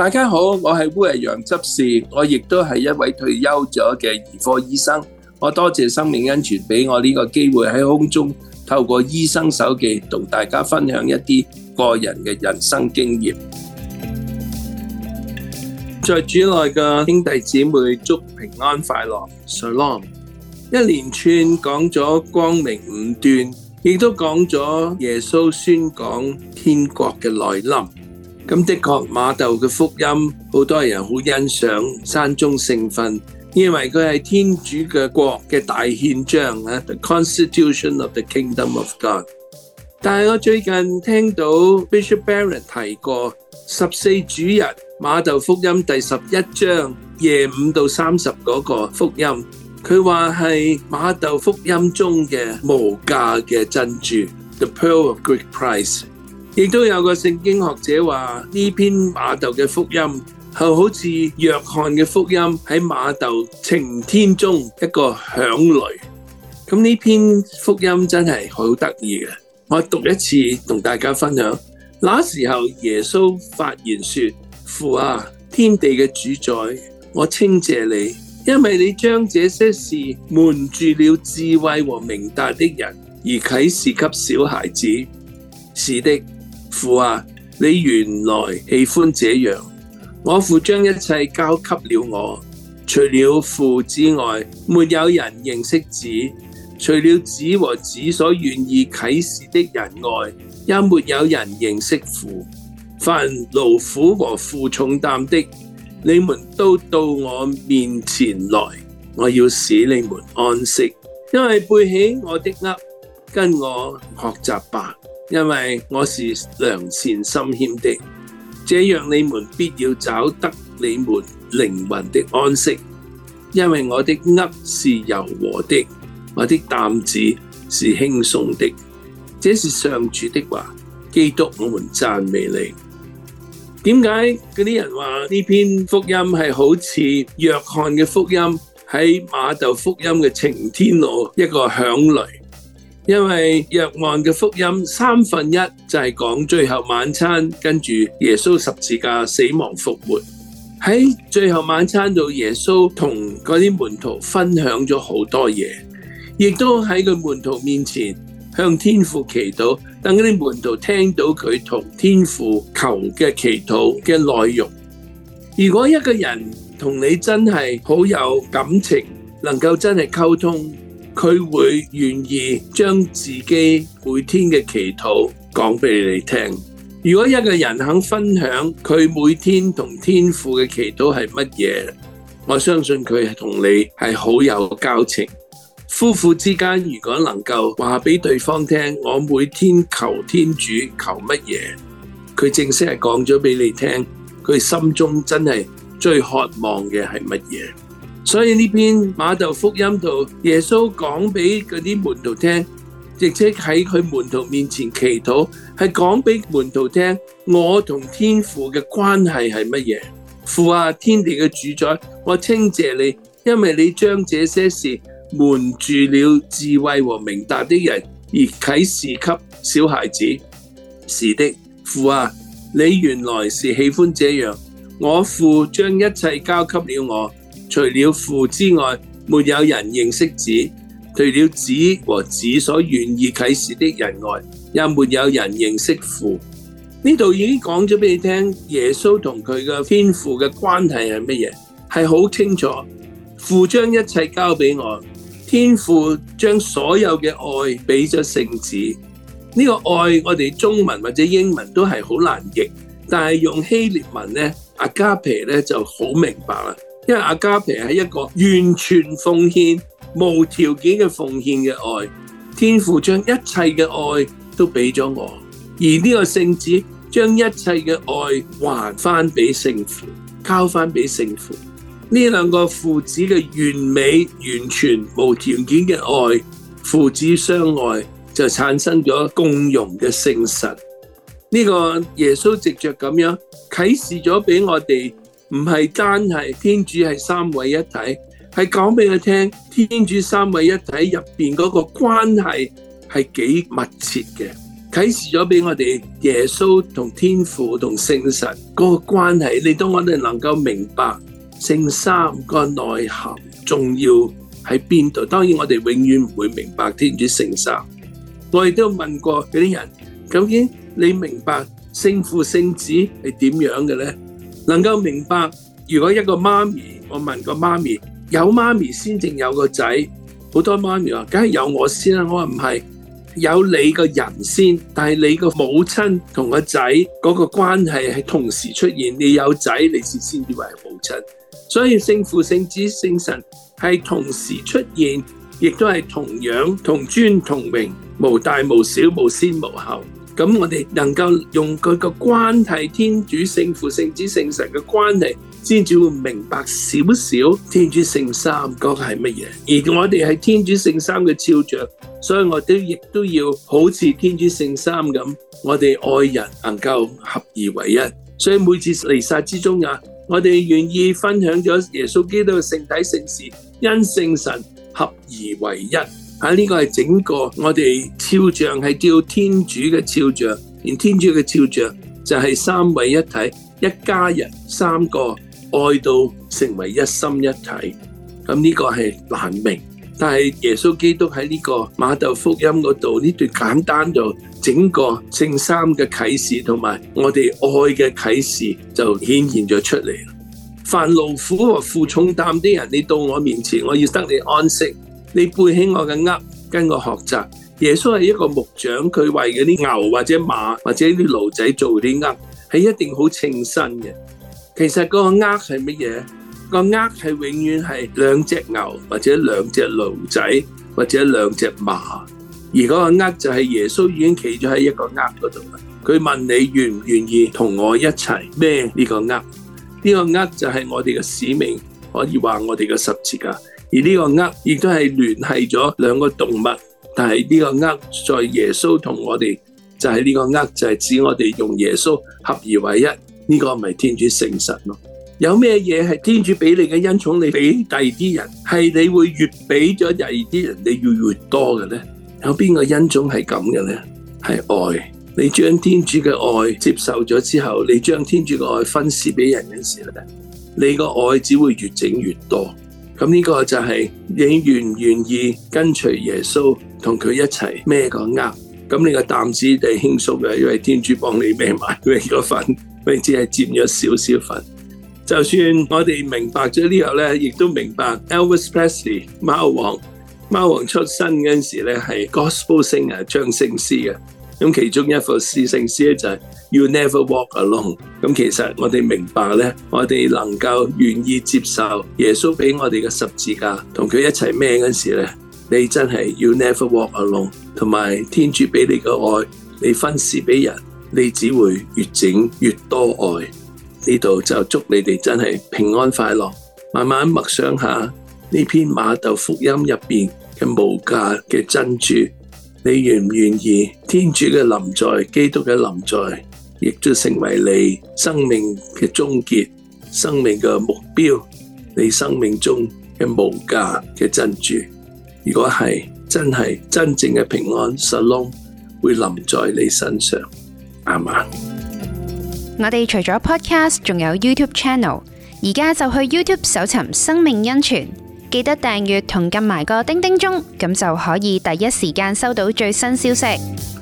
大家好，我係烏日陽執事，我亦都係一位退休咗嘅兒科醫生。我多謝生命恩泉俾我呢個機會喺空中透過醫生手記同大家分享一啲個人嘅人生經驗。在主內嘅兄弟姊妹，祝平安快樂，Shalom。一連串講咗光明五段，亦都講咗耶穌宣講天國嘅來臨。咁的確，瑪竇嘅福音好多人好欣賞山中聖訓，因為佢係天主嘅國嘅大憲章啊，The Constitution of the Kingdom of God。但係我最近聽到 Bishop Barron 提過十四主日瑪竇福音第十一章廿五到三十嗰個福音，佢話係瑪竇福音中嘅無價嘅珍珠，The Pearl of Great Price。亦都有個聖經學者話呢篇瑪竇嘅福音係好似約翰嘅福音，喺瑪竇晴天中一個響雷，咁呢篇福音真係好得意嘅。我讀一次同大家分享。那時候耶穌發言說：父啊，天地嘅主宰，我稱謝你，因為你將這些事瞞住了智慧和明達的人，而啟示給小孩子。是的。父啊，你原來喜歡這樣。我父將一切交給了我，除了父之外，沒有人認識子；除了子和子所願意啟示的人外，也沒有人認識父。凡勞苦和負重擔的，你們都到我面前來，我要使你們安息。因為背起我的軛，跟我學習吧。因為我是良善心謙的，這樣你們必要找得你們靈魂的安息。因為我的軛是柔和的，我的擔子是輕鬆的。這是上主的話。基督，我們讚美你。點解嗰啲人話呢篇福音係好似約翰嘅福音，喺瑪竇福音嘅晴天落一個響雷？因為約翰嘅福音三分一就係講最後晚餐，跟住耶穌十字架死亡復活。喺最後晚餐度，耶穌同嗰啲門徒分享咗好多嘢，亦都喺佢門徒面前向天父祈禱，等啲門徒聽到佢同天父求嘅祈禱嘅內容。如果一個人同你真係好有感情，能夠真係溝通。佢會願意將自己每天嘅祈禱講俾你聽。如果一個人肯分享佢每天同天父嘅祈禱係乜嘢，我相信佢同你係好有交情。夫婦之間如果能夠話俾對方聽，我每天求天主求乜嘢，佢正式係講咗俾你聽，佢心中真係最渴望嘅係乜嘢。所以呢篇瑪竇福音度耶穌講俾嗰啲門徒聽，直接喺佢門徒面前祈禱，係講俾門徒聽，我同天父嘅關係係乜嘢？父啊，天地嘅主宰，我稱謝你，因為你將這些事瞞住了智慧和明達的人，而啟示給小孩子。是的，父啊，你原來是喜歡這樣。我父將一切交給了我。除了父之外，沒有人認識子；除了子和子所願意啟示的人外，也沒有人認識父。呢度已經講咗俾你聽，耶穌同佢嘅天父嘅關係係乜嘢？係好清楚，父將一切交俾我，天父將所有嘅愛俾咗聖子。呢個愛，我哋中文或者英文都係好難譯，但係用希臘文呢，阿加皮咧就好明白啦。因為阿加皮係一個完全奉獻、無條件嘅奉獻嘅愛，天父將一切嘅愛都俾咗我，而呢個聖子將一切嘅愛還翻俾聖父，交翻俾聖父。呢兩個父子嘅完美、完全、無條件嘅愛，父子相愛就產生咗共融嘅聖神。呢、這個耶穌藉著咁樣啟示咗俾我哋。唔係單係天主係三位一體，係講俾佢聽天主三位一體入邊嗰個關係係幾密切嘅，啟示咗俾我哋耶穌同天父同聖神嗰個關係，令到我哋能夠明白聖三個內涵重要喺邊度。當然我哋永遠唔會明白天主聖三，我亦都問過嗰啲人究竟你明白聖父聖子係點樣嘅呢？能夠明白，如果一個媽咪，我問個媽咪，有媽咪先正有個仔，好多媽咪話梗係有我先啦。我話唔係，有你個人先，但係你個母親同個仔嗰個關係係同時出現，你有仔，你先至以為係母親，所以聖父、聖子、聖神係同時出現，亦都係同樣同尊同榮，無大無小，無先無後。咁我哋能夠用佢個關係，天主聖父、聖子、聖神嘅關係，先至會明白少少天主聖三嗰係乜嘢。而我哋係天主聖三嘅肖像，所以我哋亦都要好似天主聖三咁，我哋愛人能夠合而為一。所以每次彌撒之中啊，我哋願意分享咗耶穌基督嘅聖體聖事，因聖神合而為一。喺呢、啊這個係整個我哋肖像，係叫天主嘅肖像，而天主嘅肖像就係三位一體，一家人三個愛到成為一心一體。咁、嗯、呢、這個係難明，但係耶穌基督喺呢個瑪竇福音嗰度呢段簡單就整個聖三嘅啟示同埋我哋愛嘅啟示就顯現咗出嚟。凡勞苦和負重擔的人，你到我面前，我要得你安息。你背起我嘅軛，跟我學習。耶穌係一個木匠，佢為嗰啲牛或者馬或者啲驢仔做啲軛，係一定好稱身嘅。其實嗰個軛係乜嘢？個軛係永遠係兩隻牛或者兩隻驢仔或者兩隻馬，而嗰個軛就係耶穌已經企咗喺一個軛嗰度，佢問你願唔願意同我一齊孭呢個軛？呢、這個軛就係我哋嘅使命，可以話我哋嘅十字架。」而這個軛亦都係聯繫了兩個動物，但是這個軛在耶穌同我們就是這個軛就是指我們用耶穌合而為一，這個不是天主聖神咯？有什麼東西是天主給你的恩寵，你給俾第啲人，是你會越俾咗第啲人，你越越多的呢？有邊個恩寵是這樣的呢？是愛，你將天主的愛接受了之後，你將天主的愛分施給人的時候，你的愛只會越整越多。咁呢個就係你願唔願意跟隨耶穌跟他一起個，同佢一齊孭個軛？咁你個擔子地輕鬆嘅，因為天主幫你孭埋佢個份，佢只係佔咗少少份。就算我哋明白咗呢、這個咧，亦都明白 Elvis Presley 貓王，貓王出生嗰陣時咧係 gospel singer 唱聖詩嘅。咁其中一首聖詩就係 You never walk alone。咁其實我哋明白我哋能夠願意接受耶穌給我哋嘅十字架，同佢一齊孭嗰時呢，你真係要 You never walk alone。同埋天主給你嘅愛，你分施給人，你只會越整越多愛。呢度就祝你哋真係平安快樂，慢慢默想下呢篇瑪竇福音入面嘅無價嘅珍珠。你願唔願意？天主嘅臨在，基督嘅臨在，亦都成為你生命嘅終結，生命嘅目標，你生命中嘅無價嘅珍珠。如果係真係真正嘅平安，沙龍會臨在你身上。啱啊，我哋除咗 Podcast，仲有 YouTube channel，而家就去 YouTube 搜尋生命恩泉。記得訂閱同撳埋個叮叮鐘，咁就可以第一時間收到最新消息。